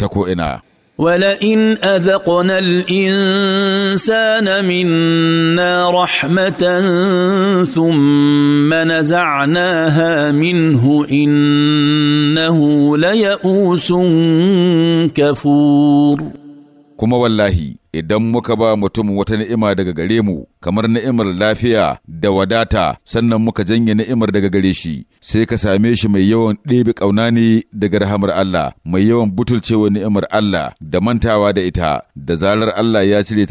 ta ولئن اذقنا الانسان منا رحمه ثم نزعناها منه انه ليئوس كفور kuma wallahi idan muka ba mutum wata ni'ima daga gare mu kamar ni'imar lafiya da wadata sannan muka janye ni'imar daga gare shi sai ka same shi mai yawan ɗebe ƙauna ne daga rahamar Allah mai yawan butulcewa ni'imar Allah da mantawa da ita da zarar Allah ya cire ta